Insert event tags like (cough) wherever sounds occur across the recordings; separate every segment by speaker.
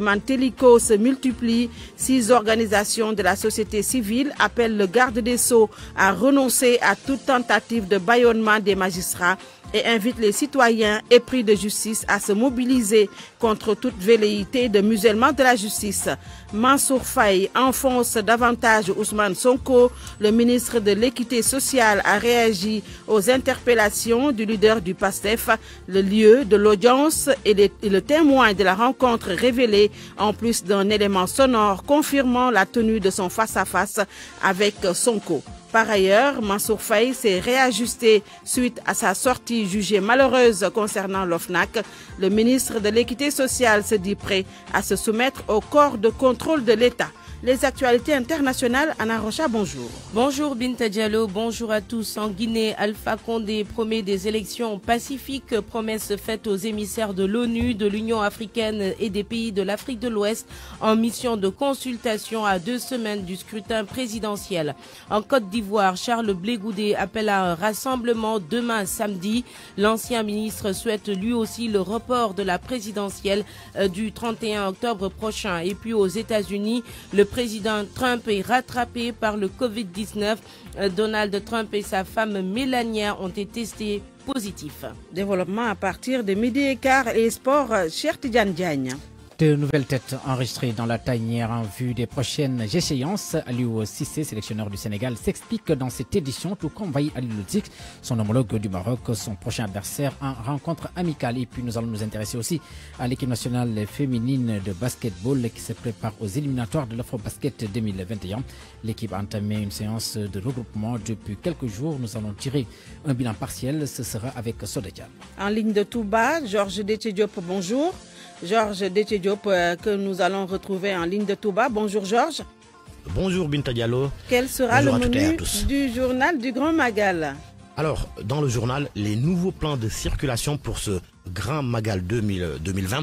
Speaker 1: gouvernement se multiplie. Six organisations de la société civile appellent le garde des Sceaux à renoncer à toute tentative de baillonnement des magistrats et invite les citoyens épris de justice à se mobiliser contre toute velléité de musellement de la justice. Mansour Faye enfonce davantage Ousmane Sonko. Le ministre de l'Équité sociale a réagi aux interpellations du leader du PASTEF. Le lieu de l'audience et, le témoin de la rencontre révélé, en plus d'un élément sonore confirmant la tenue de son face à -face avec Sonko. Par ailleurs, Mansour Faye s'est réajusté suite à sa sortie jugée malheureuse concernant l'OFNAC. Le ministre de l'Équité sociale se dit prêt à se soumettre au corps de contrôle de l'État les actualités internationales. Anna Rocha, bonjour.
Speaker 2: Bonjour Binta Diallo, bonjour à tous. En Guinée, Alpha Condé promet des élections pacifiques, promesse faite aux émissaires de l'ONU, de l'Union africaine et des pays de l'Afrique de l'Ouest en mission de consultation à deux semaines du scrutin présidentiel. En Côte d'Ivoire, Charles Blégoudé appelle à un rassemblement demain samedi. L'ancien ministre souhaite lui aussi le report de la présidentielle euh, du 31 octobre prochain. Et puis aux États-Unis, le président Trump est rattrapé par le Covid-19. Euh, Donald Trump et sa femme Melania ont été testés positifs. Développement à
Speaker 1: partir de midi et et sport, cher Diagne. De nouvelles
Speaker 3: têtes enregistrées dans la tanière en vue des prochaines échéances. Aliou Sissé, sélectionneur du Sénégal, s'explique dans cette édition, tout comme Vaï Ali son homologue du Maroc, son prochain adversaire en rencontre amicale. Et puis nous allons nous intéresser aussi à l'équipe nationale féminine de basketball qui se prépare aux éliminatoires de l'Afro-Basket 2021. L'équipe a entamé une séance de regroupement depuis quelques jours. Nous allons tirer un bilan partiel. Ce sera avec Sodekian.
Speaker 1: En ligne de bas Georges pour bonjour. Georges Diop euh, que nous allons retrouver en ligne de Touba. Bonjour Georges.
Speaker 4: Bonjour Binta Diallo.
Speaker 1: Quel sera le menu du journal du Grand Magal
Speaker 4: Alors, dans le journal, les nouveaux plans de circulation pour ce Grand Magal 2020. Euh,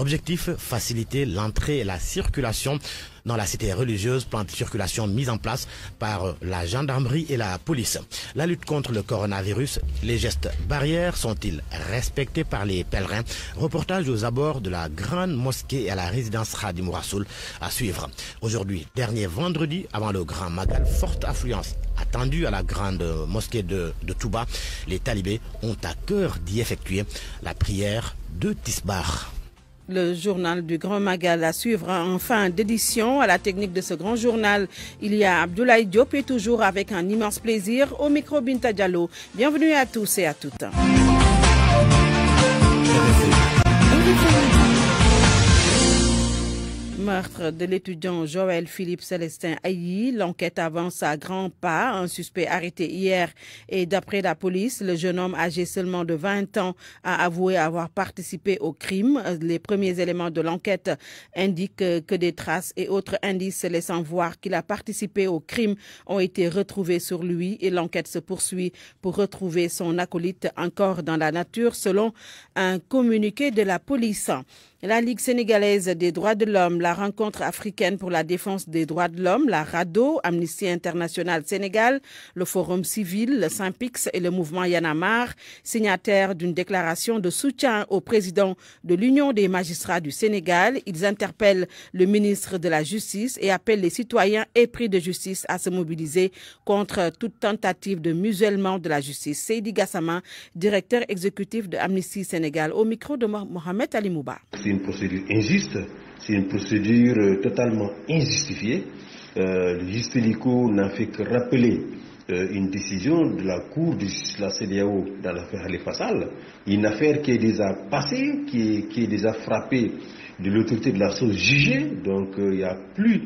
Speaker 4: Objectif, faciliter l'entrée et la circulation dans la cité religieuse, plan de circulation mise en place par euh, la gendarmerie et la police. La lutte contre le coronavirus, les gestes barrières sont-ils respectés par les pèlerins Reportage aux abords de la grande mosquée et à la résidence Radimourasoul. à suivre. Aujourd'hui, dernier vendredi, avant le Grand Magal, forte affluence attendu à la grande mosquée de, Touba, les talibés ont à cœur d'y effectuer la prière de Tisbar.
Speaker 1: Le journal du Grand Magal à suivre en fin d'édition. À la technique de ce grand journal, il y a Abdoulaye Diop et toujours avec un immense plaisir au micro Binta Diallo. Bienvenue à tous et à toutes. Meurtre de l'étudiant Joël Philippe Célestin Ailly. L'enquête avance à grands pas. Un suspect arrêté hier et d'après la police, le jeune homme âgé seulement de 20 ans a avoué avoir participé au crime. Les premiers éléments de l'enquête indiquent que des traces et autres indices laissant voir qu'il a participé au crime ont été retrouvés sur lui et l'enquête se poursuit pour retrouver son acolyte encore dans la nature selon un communiqué de la police. La Ligue sénégalaise des droits de l'homme, la rencontre africaine pour la défense des droits de l'homme, la RADO, Amnesty International Sénégal, le Forum civil, le Saint-Pix et le mouvement Yanamar, signataires d'une déclaration de soutien au président de l'Union des magistrats du Sénégal. Ils interpellent le ministre de la Justice et appellent les citoyens épris de justice à se mobiliser contre toute tentative de musellement de la justice. Seydi Gassama, directeur exécutif de Amnesty Sénégal, au micro de Mohamed Ali Mouba.
Speaker 5: C'est une procédure injuste c'est une procédure euh, totalement injustifiée. Euh, le n'a fait que rappeler euh, une décision de la Cour de la CDAO dans l'affaire Khalifa Fassal, une affaire qui est déjà passée, qui est, déjà frappée de l'autorité de la chose jugée, donc euh, il n'y a plus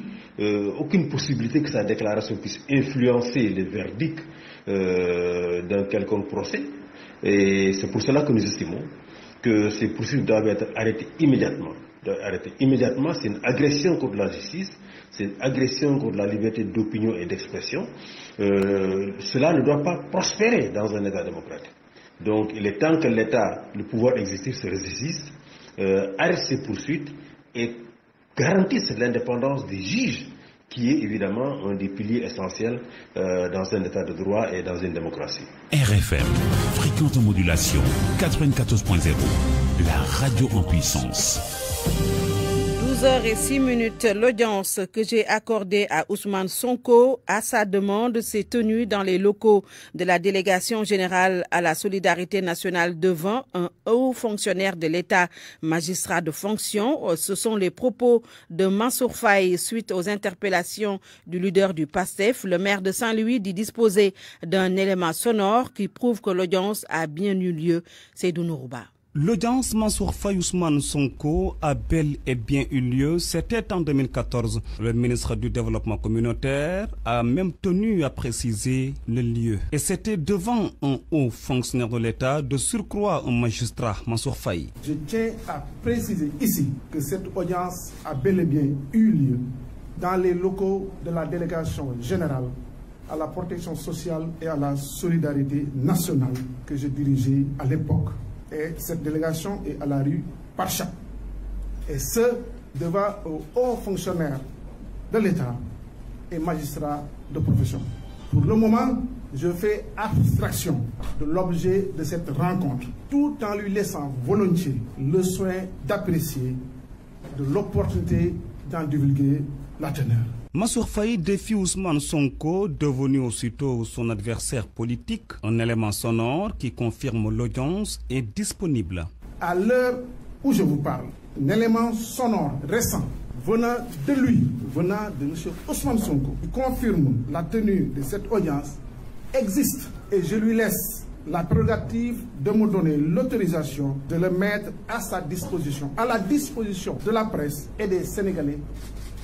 Speaker 5: aucune possibilité que sa déclaration puisse influencer verdict verdict d'un quelconque procès. Et c'est pour cela que nous estimons que ces poursuites doivent être arrêtées immédiatement arrêter immédiatement. C'est une agression contre la justice, c'est une agression contre la liberté d'opinion et d'expression. Euh, cela ne doit pas prospérer dans un État démocratique. Donc il est temps que l'État, le pouvoir exécutif se résiste, euh, arrête ses poursuites et garantisse l'indépendance des juges qui est évidemment un des piliers essentiels euh, dans un état de droit et dans une démocratie.
Speaker 6: RFM, fréquente modulation 94.0, la radio en puissance.
Speaker 1: 12h06 minutes, l'audience que j'ai accordée à Ousmane Sonko à sa demande s'est tenue dans les locaux de la délégation générale à la solidarité nationale devant un haut fonctionnaire de l'État, magistrat de fonction. Euh, ce sont les propos de Mansour Faye suite aux interpellations du leader du PASTEF. Le maire de Saint-Louis dit disposer d'un élément sonore qui prouve que l'audience a bien eu lieu. C'est Dounourba.
Speaker 6: L'audience Mansour Fayousman Sonko a bel et bien eu lieu. C'était en 2014. Le ministre du Développement communautaire a même tenu à préciser le lieu. Et c'était devant un haut fonctionnaire de l'État, de surcroît un magistrat, Mansour Fay.
Speaker 7: Je tiens à préciser ici que cette audience a bel et bien eu lieu dans les locaux de la délégation générale à la protection sociale et à la solidarité nationale que j'ai dirigée à l'époque. Et cette délégation est à la rue chat, Et ce, devant aux hauts fonctionnaires de l'État et magistrats de profession. Pour le moment, je fais abstraction de l'objet de cette rencontre, tout en lui laissant volontiers le soin d'apprécier de l'opportunité d'en divulguer la teneur. Massour Faye défie Ousmane Sonko, devenu
Speaker 6: aussitôt son adversaire politique, un élément sonore qui confirme l'audience est disponible.
Speaker 7: À l'heure où je vous parle, un élément sonore récent venant de lui, venant de M. Ousmane Sonko, qui confirme la tenue de cette audience, existe et je lui laisse la prérogative de me donner l'autorisation de le mettre à sa disposition, à la disposition de la presse et des Sénégalais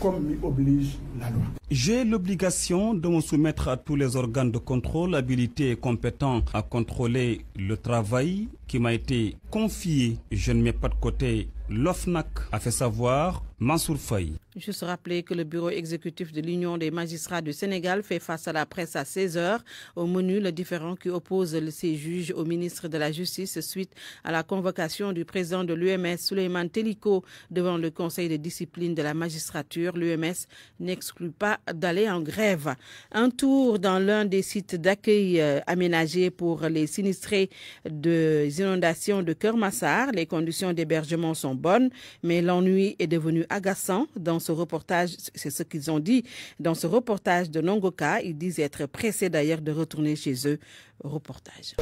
Speaker 7: comme m'oblige la loi.
Speaker 6: J'ai l'obligation de me soumettre à tous les organes de contrôle habilités et compétents à contrôler le travail qui m'a été confié. Je ne mets pas de côté l'OFNAC a fait savoir Mansour Faye.
Speaker 1: Juste rappeler que le bureau exécutif de l'Union des magistrats du Sénégal fait face à la presse à 16 h Au menu, le différent qui oppose ses juges au ministre de la Justice suite à la convocation du président de l'UMS, Souleymane Teliko, devant le conseil de discipline de la magistrature. L'UMS n'exclut pas d'aller en grève. Un tour dans l'un des sites d'accueil euh, aménagés pour les sinistrés des inondations de Kermassar. Les conditions d'hébergement sont bonnes, mais l'ennui est devenu agaçant. Dans ce reportage, c'est ce qu'ils ont dit. Dans ce reportage de Nongoka, ils disent être pressés d'ailleurs de retourner chez eux. Reportage.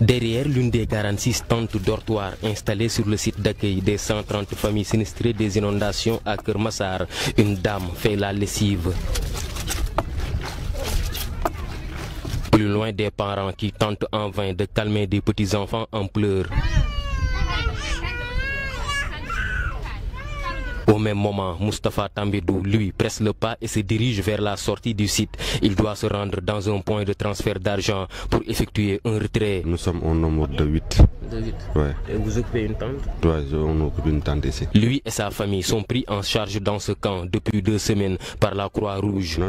Speaker 8: Derrière l'une des 46 tentes dortoirs installées sur le site d'accueil des 130 familles sinistrées des inondations à Kermassar, une dame fait la lessive. Plus loin des parents qui tentent en vain de calmer des petits-enfants en pleurs. Au même moment, Mustapha Tambedou, lui, presse le pas et se dirige vers la sortie du site. Il doit se rendre dans un point de transfert d'argent pour effectuer un retrait. Nous sommes au nombre de 8. De ouais. Et vous occupez une tente Oui, on occupe une tente ici. Lui et sa famille sont pris en charge dans ce camp depuis deux semaines par la Croix-Rouge.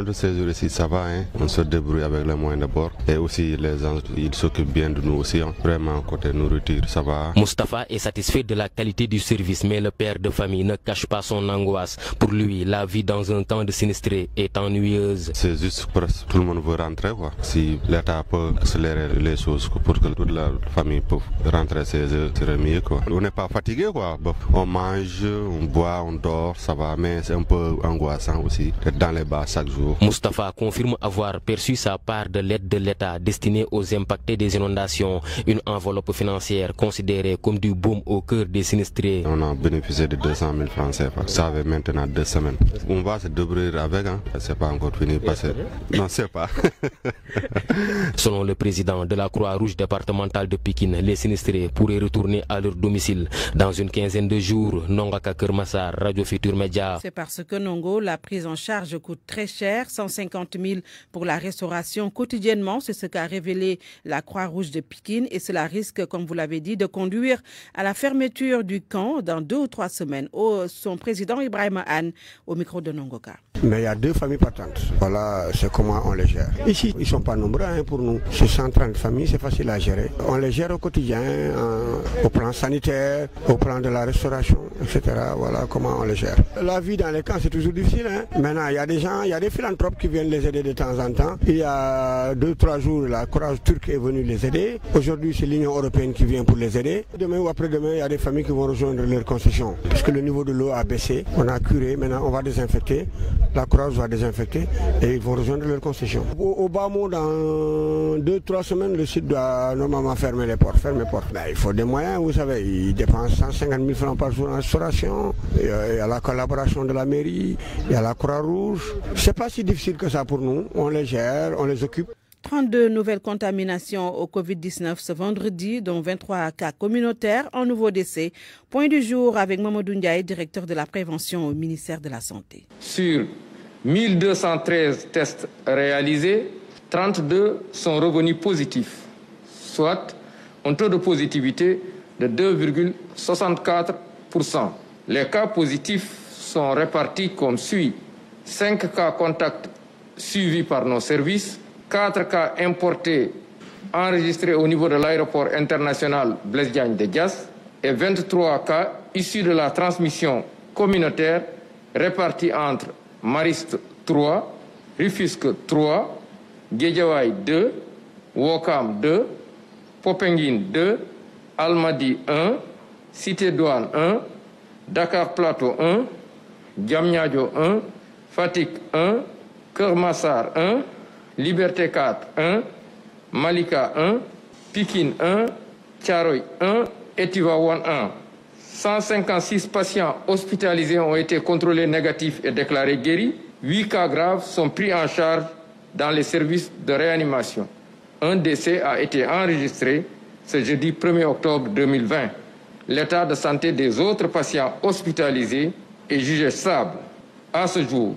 Speaker 8: ça va. Hein. On se débrouille avec les moyens d'abord, Et aussi, les gens, ils s'occupent bien de nous aussi. Hein. Vraiment, côté nourriture, ça va. Mustapha est satisfait de la qualité du service, mais le père de famille ne cache pas son angoisse. Pour lui, la vie dans un temps de sinistré est ennuyeuse. C'est juste parce que tout le monde veut rentrer. Quoi. Si l'État peut accélérer les choses pour que toute la famille puisse rentrer chez eux, mieux. Quoi. On n'est pas fatigué. Quoi. On mange, on boit, on dort, ça va, mais c'est un peu angoissant aussi d'être dans les bas chaque jour. Mustapha confirme avoir perçu sa part de l'aide de l'État destinée aux impactés des inondations, une enveloppe financière considérée comme du boom au cœur des sinistrés. On a bénéficié de 200 000 francs ça fait maintenant deux semaines. On va se débrouiller avec, hein. c'est pas encore fini. Parce... Non, c'est pas. (laughs) Selon le président de la Croix-Rouge départementale de Pékin, les sinistrés pourraient retourner à leur domicile dans une quinzaine de jours. Nonga Kakermassa, Radio Futur Média.
Speaker 1: C'est parce que Nongo, la prise en charge coûte très cher, 150 000 pour la restauration quotidiennement. C'est ce qu'a révélé la Croix-Rouge de Pékin et cela risque, comme vous l'avez dit, de conduire à la fermeture du camp dans deux ou trois semaines. Oh, son président Ibrahim Anne au micro de Nongoka.
Speaker 9: Mais il y a deux familles patentes. Voilà, c'est comment on les gère. Ici, ils ne sont pas nombreux hein, pour nous. C'est 130 familles, c'est facile à gérer. On les gère au quotidien, euh, au plan sanitaire, au plan de la restauration, etc. Voilà comment on les gère. La vie dans les camps, c'est toujours difficile. Hein. Maintenant, il y a des gens, il y a des philanthropes qui viennent les aider de temps en temps. Il y a deux, trois jours, la Courage turque est venue les aider. Aujourd'hui, c'est l'Union européenne qui vient pour les aider. Demain ou après-demain, il y a des familles qui vont rejoindre leur concession. puisque le niveau de l'eau a on a curé, maintenant on va désinfecter, la croix va désinfecter et ils vont rejoindre leur concession. Au, bas mot, dans deux-trois semaines, le site doit normalement fermer les portes, fermer les portes. Ben, il faut des moyens, vous savez, il dépense 150 000 francs par jour en restauration, euh, il y a la collaboration de la mairie, il y a la Croix-Rouge. C'est pas si difficile que ça pour nous, on les gère, on les occupe.
Speaker 1: 32 nouvelles contaminations au Covid-19 ce vendredi, dont 23 cas communautaires en nouveau décès. Point du jour avec Mamadou Ndiaye, directeur de la prévention au ministère de la Santé.
Speaker 10: Sur 1213 tests réalisés, 32 sont revenus positifs, soit un taux de positivité de 2,64%. Les cas positifs sont répartis comme suit. 5 cas contacts suivis par nos services, 4 cas importés enregistrés au niveau de l'aéroport international Blaise Diagne de Dias et 23 cas issus de la transmission communautaire répartis entre Mariste 3, Rufusque 3, Guédiawaï 2, Wokam 2, Popenguine 2, Almadi 1, Cité Douane 1, Dakar Plateau 1, Diamniadio 1, Fatik 1, Kermassar 1, Liberté 4, 1, Malika 1, Pikine 1, Tcharoy 1 et 1. 156 patients hospitalisés ont été contrôlés négatifs et déclarés guéris. 8 cas graves sont pris en charge dans les services de réanimation. Un décès a été enregistré ce jeudi 1er octobre 2020. L'état de santé des autres patients hospitalisés est jugé stable. À ce jour,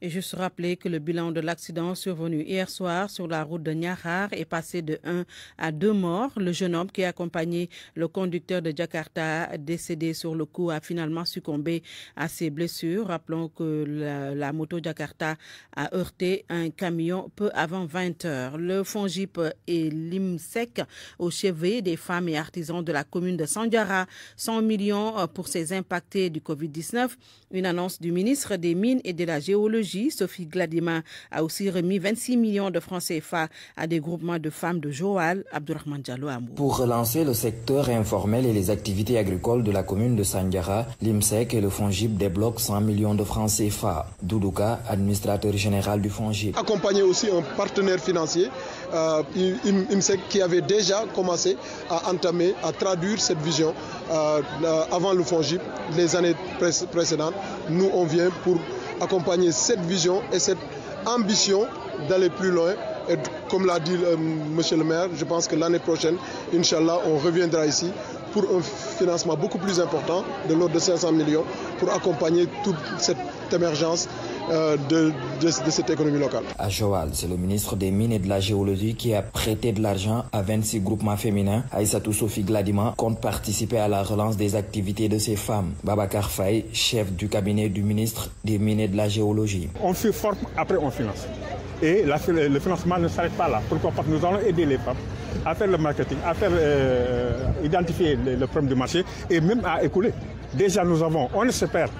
Speaker 1: Et juste rappeler que le bilan de l'accident survenu hier soir sur la route de Niahar est passé de 1 à 2 morts. Le jeune homme qui accompagnait le conducteur de Jakarta, décédé sur le coup, a finalement succombé à ses blessures. Rappelons que la, moto Jakarta a heurté un camion peu avant 20 heures. Le FONGIP et l'IMSEC au chevet des femmes et artisans de la commune de Sandiara. 100 millions pour ces impactés du Covid-19. Une annonce du ministre des Mines et de la Géologie Sophie Gladima a aussi remis 26 millions de francs CFA à des groupements de femmes de Joal, Abdurrahman Diallo
Speaker 3: Pour relancer le secteur informel et les activités agricoles de la commune de Sangara, l'IMSEC et le FONGIP débloquent 100 millions de francs CFA. Doudouka, administrateur général du FONGIP.
Speaker 7: Accompagné aussi un partenaire financier, euh, qui avait déjà commencé à entamer, à traduire cette vision euh, euh, avant le FONGIP les années précédentes. Nous, on vient pour accompagner cette vision et cette ambition d'aller plus loin. Et comme l'a dit M. Euh, monsieur le maire, je pense que l'année prochaine, Inch'Allah, on reviendra ici pour un financement beaucoup plus important, de l'ordre de 500 millions, pour accompagner toute cette émergence euh, de, cette économie locale.
Speaker 3: À Joal, c'est le ministre des Mines et de la Géologie qui a prêté de l'argent à 26 groupements féminins. Aïssatou Sophie Gladima compte participer à la relance des activités de ces femmes. Baba Karfaï, chef du cabinet du ministre des Mines et de la Géologie.
Speaker 11: On fait forme, après on finance. Et le financement ne s'arrête pas là. Pourquoi pas nous allons aider les femmes à faire le marketing, à faire euh, identifier le, problème du marché et même à écouler. Déjà nous avons, on ne se perd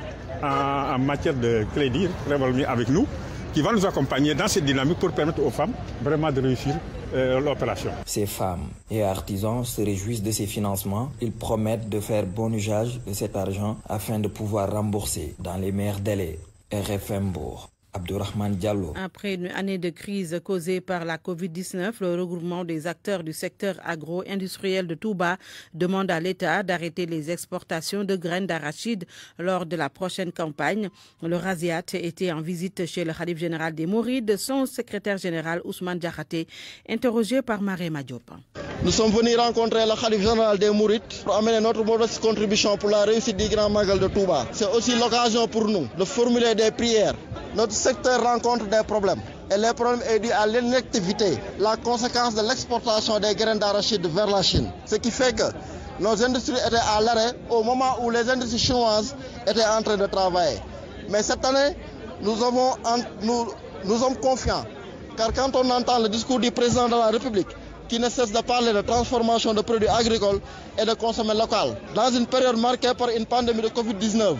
Speaker 11: en, matière de crédit, Revolmi avec nous, qui va nous accompagner dans cette dynamique pour permettre aux femmes vraiment de réussir euh, l'opération.
Speaker 3: Ces femmes et artisans se réjouissent de ces financements. Ils promettent de faire bon usage de cet argent afin de pouvoir rembourser dans les meilleurs délais. RFM Bourg. Après
Speaker 1: une année de crise causée par la Covid-19, le regroupement des acteurs du secteur agro-industriel de Touba demande à l'État d'arrêter les exportations de graines d'arachide lors de la prochaine campagne. Le Raziat était en visite chez le Khalif général des Mourides, son secrétaire général Ousmane Djarate, interrogé par Maré Madiop.
Speaker 12: Nous sommes venus rencontrer le Khalif général des Mourites pour amener notre modeste contribution pour la réussite du Grand Magal de Touba. C'est aussi l'occasion pour nous de formuler des prières. Notre secteur rencontre des problèmes. Et les problèmes est dû à l'inactivité, la conséquence de l'exportation des graines d'arachide vers la Chine. Ce qui fait que nos industries étaient à l'arrêt au moment où les industries chinoises étaient en train de travailler. Mais cette année, nous, nous, nous sommes confiants. Car quand on entend le discours du président de la République, qui ne cesse de parler de transformation de produits agricoles et de consommation local. Dans une période marquée par une pandémie de Covid-19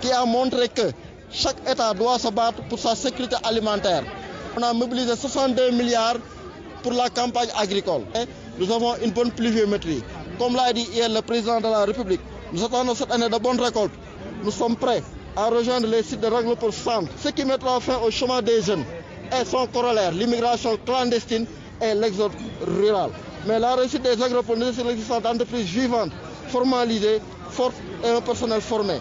Speaker 12: qui a montré que chaque État doit se battre pour sa sécurité alimentaire, on a mobilisé 62 milliards pour la campagne agricole. nous avons une bonne pluviométrie. Comme l'a dit hier le président de la République, nous attendons cette année de bonnes récoltes. Nous sommes prêts à rejoindre les sites de règles pour centre, ce qui mettra fin au chômage des jeunes et son corollaire, l'immigration clandestine et l'exode rural. Mais la réussite des agropreneurs, c'est l'existence d'entreprises vivantes, formalisées, fortes et un personnel formé.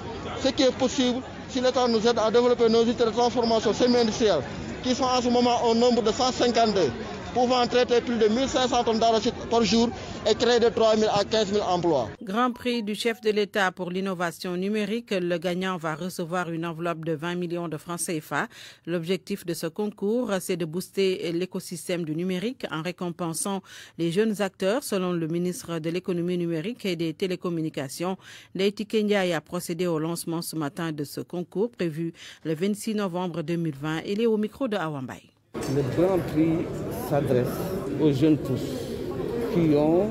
Speaker 12: Ce qui est possible si l'État nous aide à développer nos transformations de transformation semi industrielles qui sont en ce moment au nombre de 152 pouvant traiter plus de 1500 tonnes d'arachide par jour et créer de 3 000 à 15 000 emplois.
Speaker 1: Grand prix du chef de l'État pour l'innovation numérique, le gagnant va recevoir une enveloppe de 20 millions de francs CFA. L'objectif de ce concours, c'est de booster l'écosystème du numérique en récompensant les jeunes acteurs, selon le ministre de l'économie numérique et des télécommunications. Leïti Kenya a procédé au lancement ce matin de ce concours prévu le 26 novembre 2020. Il est au micro de Awambai.
Speaker 13: Le Grand Prix s'adresse aux jeunes tous qui ont,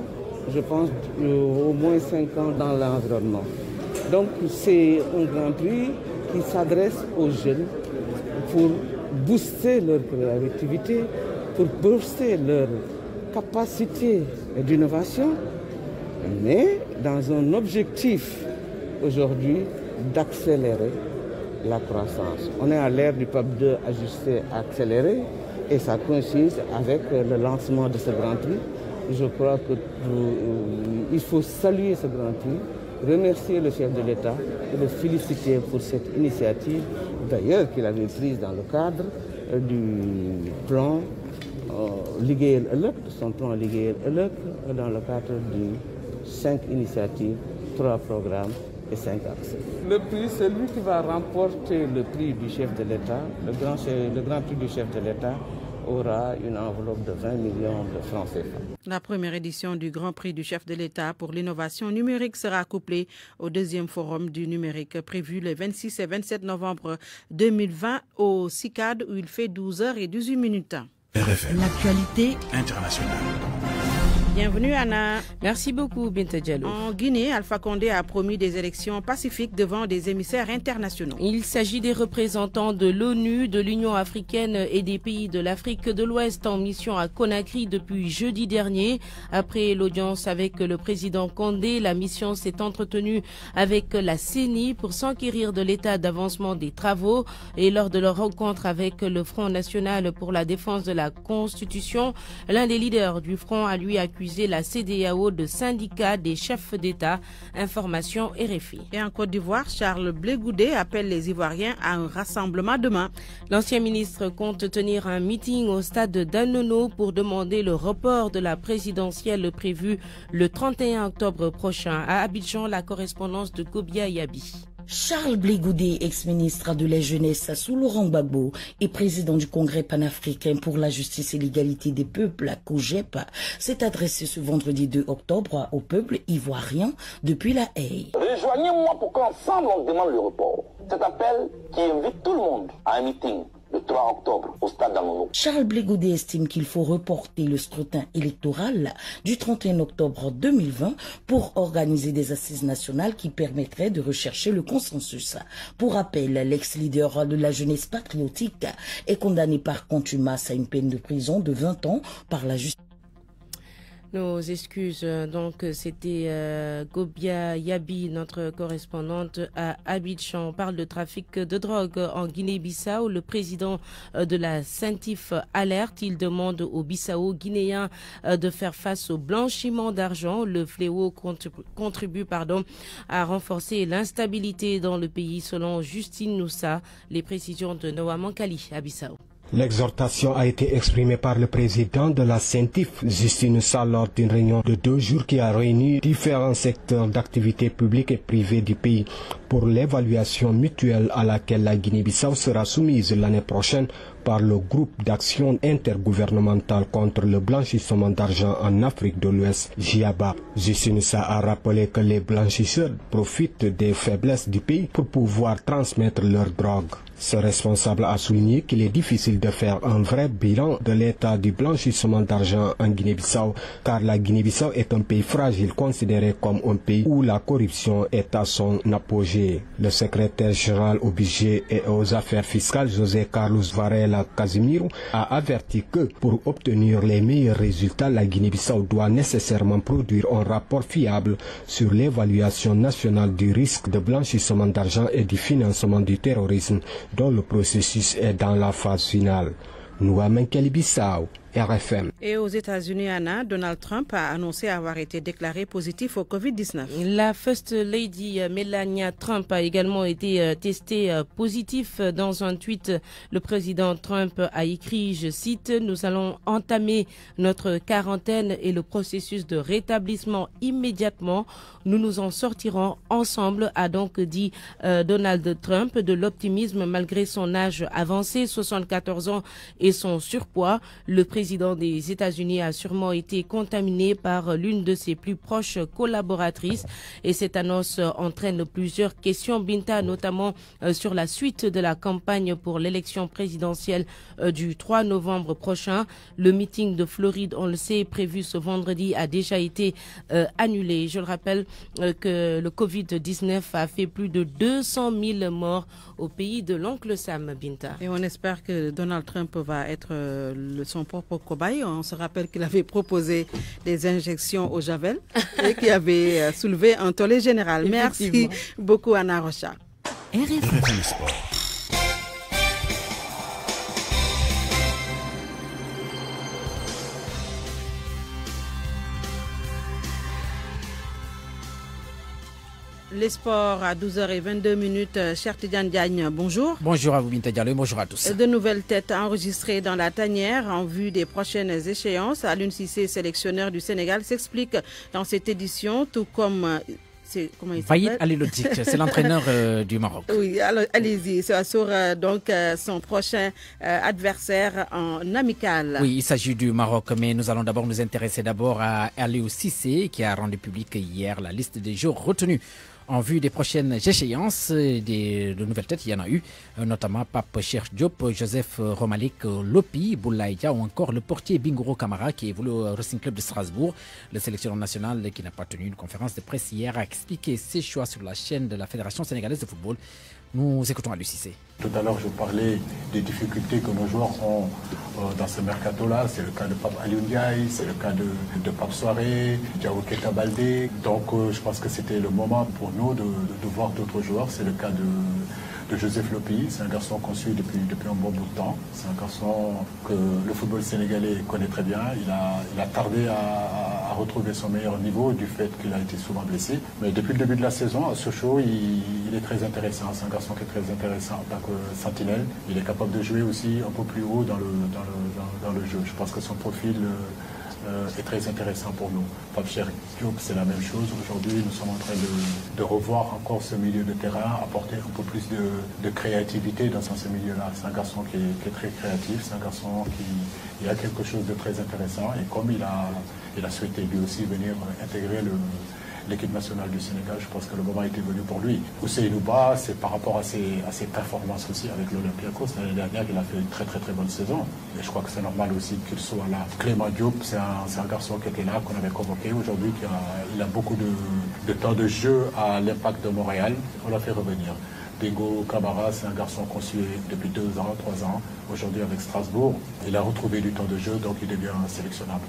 Speaker 13: je pense, euh, au moins 5 ans dans l'environnement. Donc c'est un Grand Prix qui s'adresse aux jeunes pour booster leur créativité, pour booster leur capacité d'innovation, mais dans un objectif aujourd'hui d'accélérer la croissance. On est à l'ère du PAP 2 ajusté, accéléré, et ça coïncide avec euh, le lancement de ce Grand Prix. Je crois qu'il euh, faut saluer ce Grand Prix, remercier le chef de l'État et le féliciter pour cette initiative, d'ailleurs qu'il avait prise dans le cadre euh, du plan euh, elec son plan Liguel dans le cadre de cinq initiatives, trois programmes le prix, celui qui va remporter le prix du chef de l'État, le grand, le grand prix du chef de l'État, aura une enveloppe de 20 millions de francs
Speaker 1: La première édition du Grand Prix du chef de l'État pour l'innovation numérique sera couplée au deuxième forum du numérique prévu le 26 et 27 novembre 2020 au CICAD où il fait 12 h et 18 minutes.
Speaker 11: L'actualité internationale.
Speaker 1: Bienvenue Anna. Merci beaucoup Binta En Guinée, Alpha Condé a promis des
Speaker 2: élections pacifiques devant des émissaires internationaux. Il s'agit des représentants de l'ONU, de l'Union africaine et des pays de l'Afrique de l'Ouest en mission à Conakry depuis jeudi dernier. Après l'audience avec le président Condé, la mission s'est entretenue avec la CENI pour s'enquérir de l'état d'avancement des travaux et lors de leur rencontre avec le Front national pour la défense de la Constitution, l'un des leaders du Front a lui accusé la CDAO de des chefs d'État. Information Et en Côte d'Ivoire, Charles Blégoudet appelle les Ivoiriens à un rassemblement demain. L'ancien ministre compte tenir un meeting au stade d'Anono pour demander le report de la présidentielle prévue le 31 octobre prochain. À Abidjan, la correspondance de Kobia Yabi.
Speaker 14: Charles Blégoudé, ex-ministre de la Jeunesse sous Laurent Gbagbo et président du Congrès panafricain pour la justice et l'égalité des peuples, à COGEP, s'est adressé ce vendredi 2 octobre au peuple ivoirien depuis la Haye.
Speaker 10: Rejoignez-moi pour qu'ensemble on demande le report. Cet appel qui invite tout le monde à un meeting le 3 octobre au
Speaker 14: Charles Blégoudé estime qu'il faut reporter le scrutin électoral du 31 octobre 2020 pour organiser des assises nationales qui permettraient de rechercher le consensus. Pour rappel, l'ex-leader de la jeunesse patriotique est condamné par contumace à une peine de prison de 20 ans par la justice.
Speaker 2: Nos excuses. Donc, c'était euh, Gobia Yabi, notre correspondante à Abidjan. On parle de trafic de drogue en Guinée-Bissau. Le président euh, de la Saintif alerte. Il demande aux Bissau guinéens euh, de faire face au blanchiment d'argent. Le fléau contribue pardon, à renforcer l'instabilité dans le pays, selon Justine Noussa. Les précisions de Noah Mankali à Bissau.
Speaker 15: L'exhortation a été exprimée par le président de la CENTIF, Justine Sall, lors d'une réunion de deux jours qui a réuni différents secteurs d'activité publique et privée du pays pour l'évaluation mutuelle à laquelle la Guinée-Bissau sera soumise l'année prochaine par le groupe d'action intergouvernementale contre le blanchissement d'argent en Afrique de l'Ouest, JABA. Jusinusa a rappelé que les blanchisseurs profitent des faiblesses du pays pour pouvoir transmettre leurs drogues. Ce responsable a souligné qu'il est difficile de faire un vrai bilan de l'état du blanchissement d'argent en Guinée-Bissau, car la Guinée-Bissau est un pays fragile considéré comme un pays où la corruption est à son apogée. Le secrétaire général au budget et aux affaires fiscales José Carlos Varela Casimiro a averti que pour obtenir les meilleurs résultats, la Guinée-Bissau doit nécessairement produire un rapport fiable sur l'évaluation nationale du risque de blanchissement d'argent et du financement du terrorisme dont le processus est dans la phase finale. Nous Nouamène Bissau,
Speaker 1: et aux États-Unis, Anna, Donald
Speaker 2: Trump a annoncé avoir été déclaré positif au Covid-19. La First Lady euh, Melania Trump a également été euh, testée euh, positif. Dans un tweet, le président Trump a écrit, je cite, Nous allons entamer notre quarantaine et le processus de rétablissement immédiatement. Nous nous en sortirons ensemble, a donc dit Donald Trump, de l'optimisme malgré son âge avancé, 74 ans, et son surpoids. Le président président des États-Unis a sûrement été contaminé par l'une de ses plus proches collaboratrices. Et cette annonce entraîne plusieurs questions, Binta, notamment euh, sur la suite de la campagne pour l'élection présidentielle euh, du 3 novembre prochain. Le meeting de Floride, on le sait, prévu ce vendredi, a déjà été euh, annulé. Je le rappelle que le Covid-19 a fait plus de 200 000 morts au pays de l'oncle Sam Binta. Et on espère
Speaker 1: que Donald Trump va être son propre cobaye. On se rappelle qu'il avait proposé des injections au Javel et qu'il avait euh, soulevé un tollé général. Merci beaucoup, Anna Rocha. les sports à 12h22 minutes. Euh, cher Tidiane Diagne, bonjour.
Speaker 3: Bonjour à vous, Binta bonjour à tous. De
Speaker 1: nouvelles têtes enregistrées dans la tanière en vue des prochaines échéances. Alun Cissé, sélectionneur du Sénégal, s'explique dans cette édition, tout comme Vaïd euh, c'est l'entraîneur
Speaker 3: euh, (laughs) du Maroc.
Speaker 1: Oui, allez-y, c'est sur donc son prochain adversaire en amical. Oui, il
Speaker 3: s'agit du Maroc, mais nous allons d'abord nous intéresser d'abord à Aliou Sissé qui a rendu public hier la liste des jours retenus en vue des prochaines échéances. Des, de nouvelles têtes, il y en a eu, euh, notamment Pape Cher Diop, Joseph euh, Romalik euh, Lopi, Boulaïdia ou encore le portier Bingoro Kamara qui évolue au Racing Club de Strasbourg. Le sélectionneur national qui n'a pas tenu une conférence de presse hier a expliqué ses choix sur la chaîne de la Fédération sénégalaise de football. Nous écoutons à Tout
Speaker 16: à l'heure, je parlais des difficultés que nos joueurs ont euh, dans ce mercato-là. C'est le cas de Pape Aliundiaï, c'est le cas de, de Pape Soiré, Diao Baldé. Donc, euh, je pense que c'était le moment pour nous de voir d'autres joueurs. C'est le cas de, Joseph Lopi. C'est un garçon qu'on suit depuis, depuis un bon bout de temps. C'est un garçon que le football sénégalais connaît très bien. Il a, il a tardé à, retrouver son meilleur niveau du fait qu'il a été souvent blessé. Mais depuis le début de la saison, à Sochaux, il, il est très intéressant. C'est un garçon qui est très intéressant en tant que sentinelle. Il est capable de jouer aussi un peu plus haut dans le, dans le, jeu. Je pense que son profil... Euh, euh, c'est est très intéressant pour nous. Pape Diop, c'est la même chose. Aujourd'hui, nous sommes en train de, revoir encore ce milieu de terrain, apporter un peu plus de, créativité dans ce milieu-là. C'est un garçon qui est, très créatif, c'est un garçon qui a quelque chose de très intéressant et comme il a, il a souhaité lui aussi venir intégrer le l'équipe nationale du Sénégal, je pense que le moment était venu pour lui. Oussé c'est par rapport à ses, performances aussi avec l'Olympiakos. L'année dernière, il a fait une très très très bonne saison. Et je crois que c'est normal aussi qu'il soit là. Clément Diop, c'est un, garçon qui était là, qu'on avait convoqué aujourd'hui, il a beaucoup de, temps de jeu à l'impact de Montréal. On l'a fait revenir. Bingo Camara, c'est un garçon qu'on depuis deux ans, trois ans, aujourd'hui avec Strasbourg. Il a retrouvé du temps de jeu, donc il devient sélectionnable.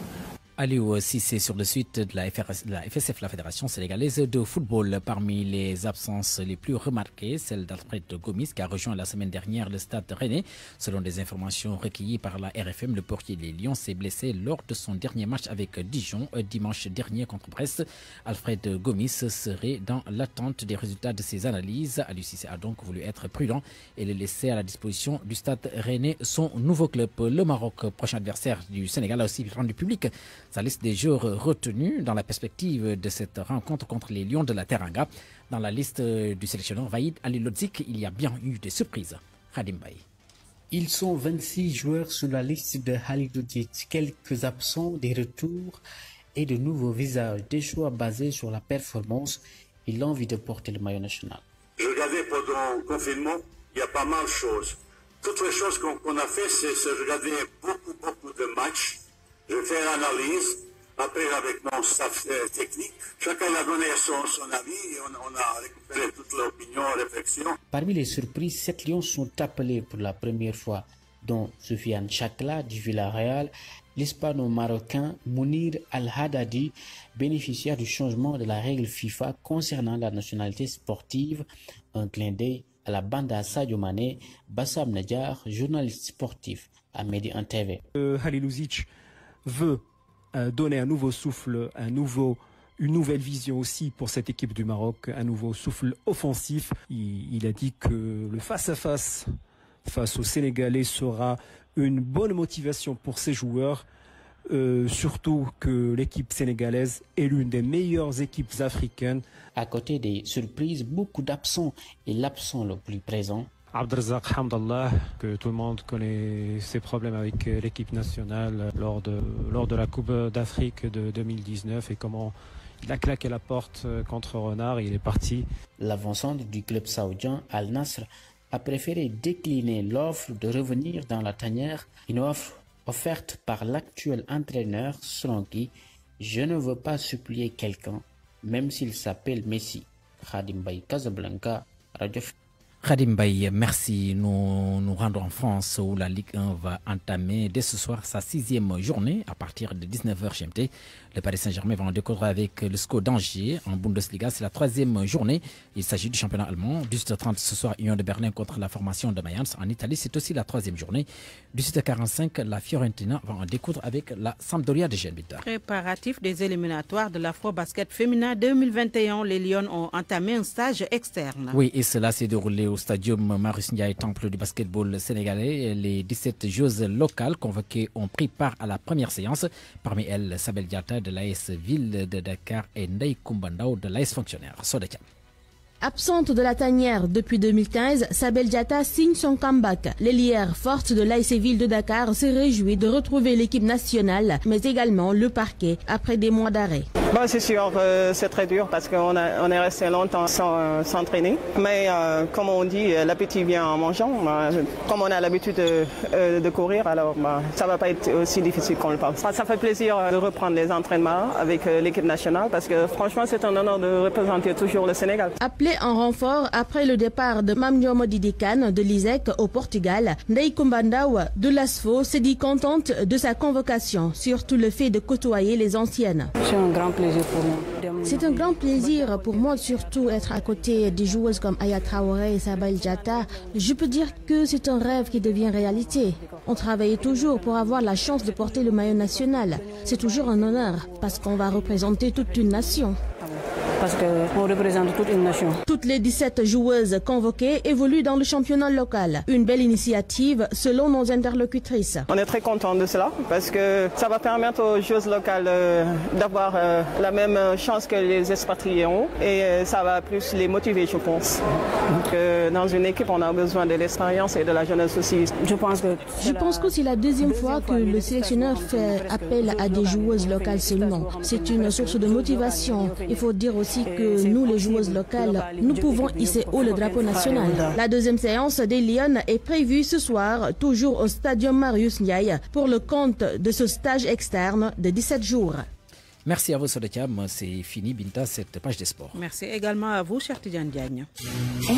Speaker 3: Aliou c'est sur le suite de la, FRS, de la, FSF, la Fédération sénégalaise de football. Parmi les absences les plus remarquées, celle d'Alfred Gomis qui a rejoint la semaine dernière le stade Rennais. Selon des informations recueillies par la RFM, le portier des Lions s'est blessé lors de son dernier match avec Dijon euh, dimanche dernier contre Brest. Alfred Gomis serait dans l'attente des résultats de ses analyses. Aliou Sissé a donc voulu être prudent et le laisser à la disposition du stade Rennais, son nouveau club. Le Maroc, prochain adversaire du Sénégal, a aussi rendu public sa liste des joueurs retenus dans la perspective de cette rencontre contre les Lions de la Teranga. Dans la liste euh,
Speaker 17: du sélectionneur Vaïd Ali Lodzik, il y a bien eu des surprises. Khadim Baye. Ils sont 26 joueurs sur la liste de Halidoudic, quelques absents, des retours et de nouveaux visages, des choix basés sur la performance et l'envie de porter le maillot national.
Speaker 16: Je regardais pendant le confinement, il y a pas mal de choses. Toutes les choses qu'on a fait, c'est regarder beaucoup, beaucoup de matchs je fais l'analyse. Après, avec mon staff euh, technique, chacun a donné son, avis et on, a récupéré toute l'opinion, réflexion.
Speaker 17: Parmi les surprises, sept lions sont appelés pour la première fois, dont Sofiane Chakla du Villarreal, l'hispano-marocain Mounir Al-Hadadi, bénéficiaire du changement de la règle FIFA concernant la nationalité sportive, un clin d'œil à la bande à Sadio Bassam Nadjar, journaliste sportif à en TV. Euh, veut euh, donner un nouveau souffle, un nouveau une nouvelle vision aussi pour cette équipe du Maroc, un nouveau souffle offensif. Il, a dit que le face-à-face -face, aux Sénégalais sera une bonne motivation pour ses joueurs, euh, surtout que l'équipe sénégalaise est l'une des meilleures équipes africaines. À côté des surprises, beaucoup d'absents et l'absent le plus présent, Abdelzak Hamdallah, que tout le monde connaît ses problèmes avec euh, l'équipe nationale euh, lors de, lors de la Coupe d'Afrique de 2019 et comment il a claqué la porte euh, contre Renard et il est parti. L'avancante du club saoudien Al Nasr a préféré décliner l'offre de revenir dans la tanière, une offre offerte par l'actuel entraîneur selon qui je ne veux pas supplier quelqu'un, même s'il s'appelle Messi. Khadim Bay Casablanca, Radio
Speaker 3: Khadim Baye, merci. Nous nous rendons en France où la Ligue 1 va entamer dès ce soir sa sixième journée à partir de 19h GMT. Le Paris Saint-Germain va en découdre avec le SCO d'Angers en Bundesliga. C'est la troisième journée. Il s'agit du championnat allemand. 18h30 ce soir, Union de Berlin contre la formation de Mayence. En Italie, c'est aussi la troisième journée. 18h45, la Fiorentina va en découdre avec la Sampdoria de Genbita.
Speaker 1: Préparatif des éliminatoires de l'Afro-Basket Féminin 2021, les Lyons ont entamé un stage externe.
Speaker 13: Oui, et
Speaker 3: cela s'est déroulé au stadium Marus et temple du basketball sénégalais. Les 17 joueuses locales convoquées ont pris part à la première séance. Parmi elles, Sabel Diata de l'AS Ville de Dakar et des Kumbandao de l'AS Fonctionnaire.
Speaker 14: Absente de la tanière depuis 2015, Sabel Diata signe son comeback. L'ailière forte de l'AIC Ville de Dakar se réjouit de retrouver l'équipe nationale, mais également le parquet après des mois d'arrêt.
Speaker 1: Bah, c'est sûr, euh, c'est très dur parce qu'on on est resté longtemps sans euh, s'entraîner. Mais euh, comme on dit, l'appétit vient en mangeant. Bah, comme on a l'habitude de, courir, alors ça bah, ça va pas être aussi difficile qu'on le pense. ça fait plaisir de reprendre les entraînements avec l'équipe nationale parce que franchement, c'est un honneur de représenter toujours le Sénégal en
Speaker 14: renfort après le départ de Mamniomo Didikan de l'ISEC au Portugal, Ndei de l'ASFO s'est dit contente de sa convocation, surtout le fait de côtoyer les anciennes. C'est un grand plaisir pour moi. C'est un grand plaisir pour moi, surtout être à côté des joueuses comme Aya Traoré et Sabal Jata. Je peux dire que c'est un rêve qui devient réalité. On travaille toujours pour avoir la chance de porter le maillot national. C'est toujours un honneur parce qu'on va représenter toute une nation parce qu'on représente toute une nation. Toutes les 17 joueuses convoquées évoluent dans le championnat local. Une belle initiative selon nos
Speaker 1: interlocutrices. On est très content de cela parce que ça va permettre aux joueuses locales euh, d'avoir euh, la même chance que les expatriés et euh, ça va plus les motiver, je pense. dans une équipe, on a besoin de l'expérience et de la jeunesse aussi. Je pense que
Speaker 14: je pense que c'est la deuxième fois que le sélectionneur fait appel à des joueuses locales seulement. C'est une source de motivation. Il faut dire aussi ainsi que nous, les joueuses locales, nous pouvons hisser haut le drapeau national. La deuxième séance des Lyon est prévue ce soir, toujours au Stadium Marius Niaï, pour le compte de ce stage externe de 17 jours. Merci à vous,
Speaker 3: Sodekiam. C'est fini, Binta, cette page des sports.
Speaker 1: Merci également à vous, cher Tidjan Diagne. la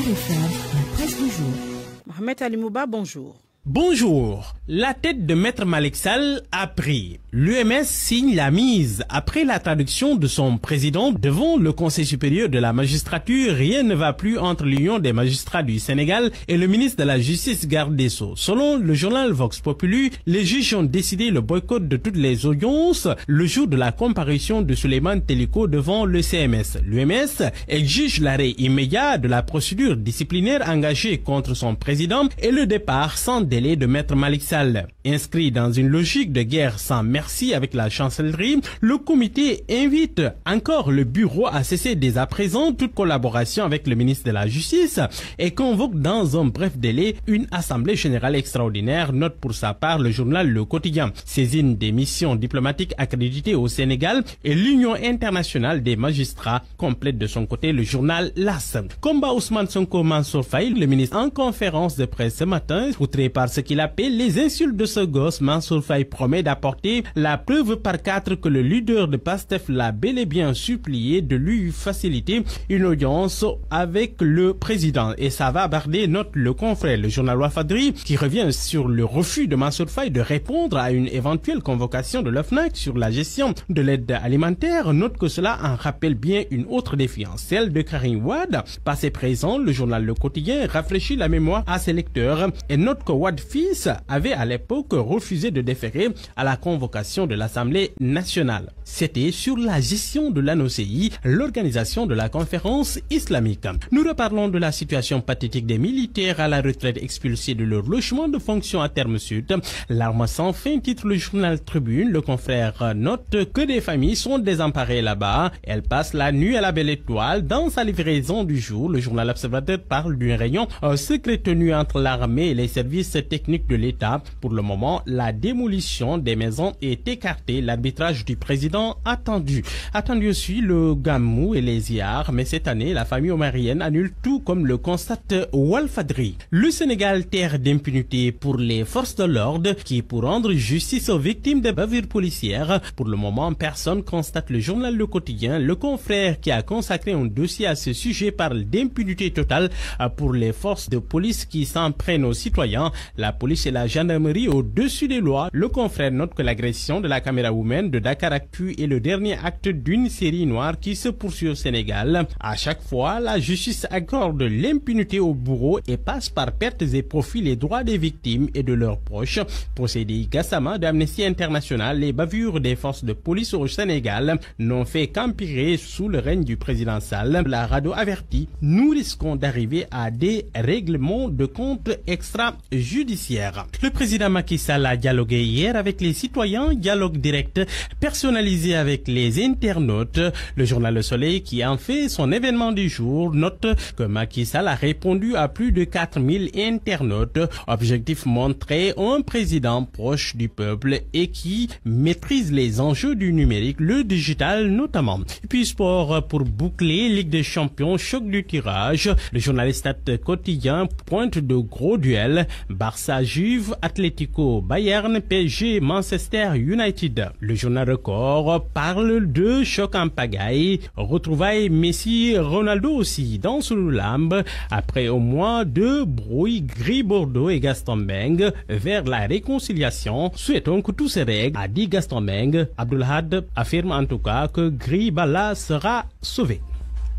Speaker 1: presse du jour. Mohamed Mouba, bonjour. Bonjour.
Speaker 4: La tête de Maître Malik Sal a pris L'UMS signe la mise. Après la traduction de son président devant le Conseil supérieur de la magistrature, rien ne va plus entre l'Union des magistrats du Sénégal et le ministre de la Justice Garde des Sceaux. Selon le journal Vox Populi, les juges ont décidé le boycott de toutes les audiences le jour de la comparution de Suleiman Teliko devant le CMS. L'UMS exige l'arrêt immédiat de la procédure disciplinaire engagée contre son président et le départ sans délai de Maître Malik Sall. Inscrit dans une logique de guerre sans merci, avec la chancellerie, le comité invite encore le bureau à cesser dès à présent toute collaboration avec le ministre de la Justice et convoque dans un bref délai une assemblée générale extraordinaire, note pour sa part le journal Le Quotidien. Saisine des missions diplomatiques accréditées au Sénégal et l'Union internationale des magistrats complète de son côté le journal LAS. Combat Ousmane Sonko Mansour le ministre en conférence de presse ce matin, outré par ce qu'il appelle les insultes de ce gosse, Mansour Faye promet d'apporter la preuve par quatre que le leader de PASTEF l'a bel et bien supplié de lui faciliter une audience avec le président. Et ça va barder, note le confrère, le journal Wafadri, qui revient sur le refus de Mansour Faye de répondre à une éventuelle convocation de l'OFNAC sur la gestion de l'aide alimentaire. Note que cela en rappelle bien une autre défiance, celle de Karim Wad. Passé présent, le journal Le Quotidien rafraîchit la mémoire à ses lecteurs et note que Wad fils avait à l'époque refusé de déférer à la convocation de l'Assemblée nationale. C'était sur la gestion de l'ANOCI, l'organisation de la conférence islamique. Nous reparlons de la situation pathétique des militaires à la retraite expulsés de leur logement de fonction à terme sud. L'arme sans fin titre le journal Tribune. Le confrère note que des familles sont désemparées là-bas. Elles passent la nuit à la belle étoile. Dans sa livraison du jour, le journal Observateur parle d'un rayon euh, secret tenu entre l'armée et les services techniques de l'État. Pour le moment, la démolition des maisons est écarté l'arbitrage du président attendu. Attendu aussi le Gamou et les IAR, mais cette année, la famille omarienne annule tout comme le constate Walfadri. Le Sénégal, terre d'impunité pour les forces de l'ordre qui, pour rendre justice aux victimes des bavures policières, pour le moment, personne constate le journal Le Quotidien, le confrère qui a consacré un dossier à ce sujet parle d'impunité totale pour les forces de police qui s'en prennent aux citoyens. La police et la gendarmerie au-dessus des lois. Le confrère note que l'agression de la caméra woman de Dakar Actu est le dernier acte d'une série noire qui se poursuit au Sénégal. À chaque fois, la justice accorde l'impunité aux bourreaux et passe par pertes et profits les droits des victimes et de leurs proches. Procédé Gassama d'Amnesty International, les bavures des forces de police au Sénégal n'ont fait qu'empirer sous le règne du président Sall. La radio avertit, nous risquons d'arriver à des règlements de comptes extrajudiciaires. Le président Macky Sall a dialogué hier avec les citoyens dialogue direct personnalisé avec les internautes. Le journal Le Soleil, qui en fait son événement du jour, note que Macky Sall a répondu à plus de 4000 internautes. Objectif montrer un président proche du peuple et qui maîtrise les enjeux du numérique, le digital notamment. Puis sport pour boucler Ligue des Champions, choc du tirage. Le journaliste quotidien pointe de gros duels. Barça Juve, Atlético Bayern, PSG, Manchester United. Le journal Record parle de choc en pagaille, Retrouvaille Messi Ronaldo aussi dans lambe après au moins deux brouilles Gris-Bordeaux et Gaston Beng vers la réconciliation. Souhaitons que tout se règle, a dit Gaston Meng. Abdulhad affirme en tout cas que Gris-Bala sera sauvé.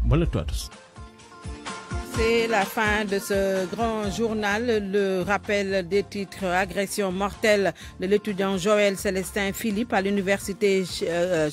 Speaker 4: Bonne à tous.
Speaker 1: C'est la fin de ce grand journal. Le rappel des titres agression mortelle de l'étudiant Joël Célestin Philippe à l'université euh,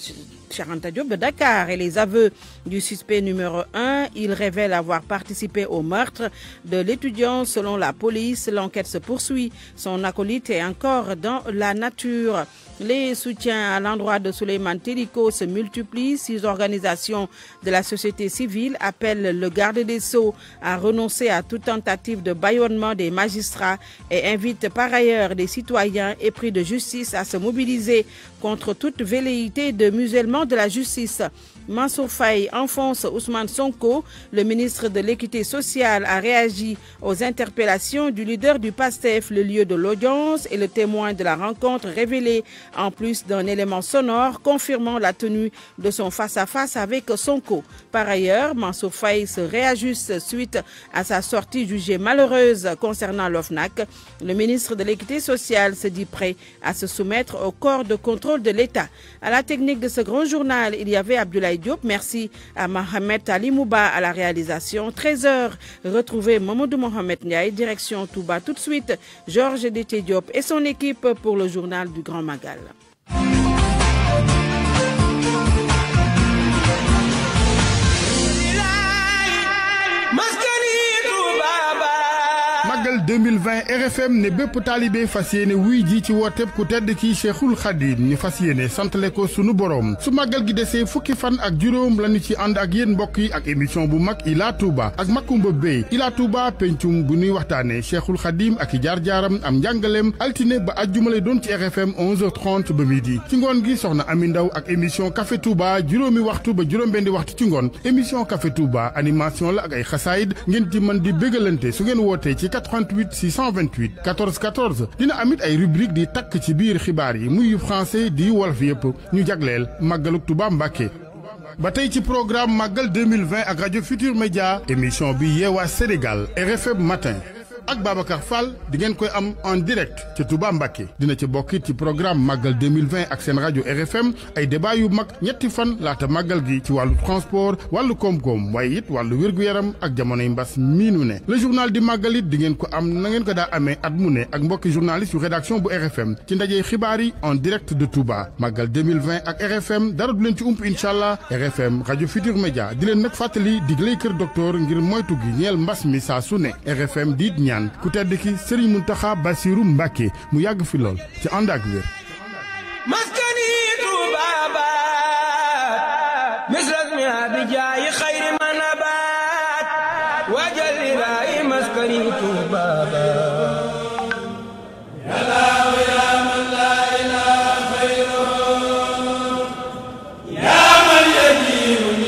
Speaker 1: Charanta Diop de Dakar et les aveux du suspect numéro 1. Il révèle avoir participé au meurtre de l'étudiant selon la police. L'enquête se poursuit. Son acolyte est encore dans la nature. Les soutiens à l'endroit de Suleiman Teliko se multiplient. Six organisations de la société civile appellent le garde des Sceaux à renoncer à toute tentative de bâillonnement des magistrats et invitent par ailleurs des citoyens épris de justice à se mobiliser contre toute velléité de musellement de la justice. Mansour Faye enfonce Ousmane Sonko. Le ministre de l'Équité sociale a réagi aux interpellations du leader du PASTEF, le lieu de l'audience et le témoin de la rencontre révélé en plus d'un élément sonore confirmant la tenue de son face-à-face avec Sonko. Par ailleurs, Mansour Faye se réajuste suite à sa sortie jugée malheureuse concernant l'OFNAC. Le ministre de l'Équité sociale se dit prêt à se soumettre au corps de contrôle de l'État. À la technique de ce grand journal, il y avait Abdoulaye Merci à Mohamed Ali Mouba à la réalisation. 13h, retrouvez Mamadou Mohamed Ndiaye, direction Touba. Tout de suite, Georges Dété Diop et son équipe pour le journal du Grand Magal.
Speaker 11: 2020 RFM ne bépp taalibe fas yéene wuy ji ci wooteeb ku tedd ki Cheikhul Khadim ñu fas yéene santale ko sunu boroom su màggal gi desee fukki fan ak juróom lañu ci ànd ak yéen mbokk yi ak émission bu mag Ila Touba ak Makumba Bay Ila Touba pencum bu ñuy waxtaane Cheikhul Khadim ak i jaar-jaaram am njàngaleem altine ba àjjuma lay doon ci RFM 11h30 ba midi ci ngoon gi soxna Ami Ndaw ak émission Café Touba juróomi waxtu ba juróom-benni waxtu ci ngoon émission Café Touba animation la ak ay xasaayid di bégalante su ngeen wootee 628 14 14 dina a ay rubrique di tak ci biir xibaar yi muy français di wolof yëpp ñu jaglel màggaluk Tuubaa Mbàkke ba tey ci programme Magal 2020 ak Radio Futur Média émission bi Sénégal RFM matin ak Babacar Fall di ngeen koy am en direct ci Touba Mbacké dina ci bokkit ci programme màggal 2020 ak seen rajo RFM ay débat yu mag ñetti fan laata màggal gi ci wàllu transport wàllu koom-koom waaye it wàllu wér yaram ak jamonoy mbas miinu ne le journal di màggal it di ngeen ko am na ngeen ko daa amee at mu ne ak mbokki journaliste yu rédaction bu RFM ci ndaje xibaar yi en direct de Touba màggal 2020 ak RFM dara du leen ci ump incha allah RFM rajo Futur Média di leen nag fàttali digley kër docteur ngir moytu gi ñeel mbas mi saa su ne RFM diit ñaan ku tedd ki sëriñ Muntaxa Basiru Mbàkke mu yàgg fi lool ci ànd ak wér maskani
Speaker 8: tubaaba misras mi abijaayi xayri manabaat wajal ilaahi maskani tubaaba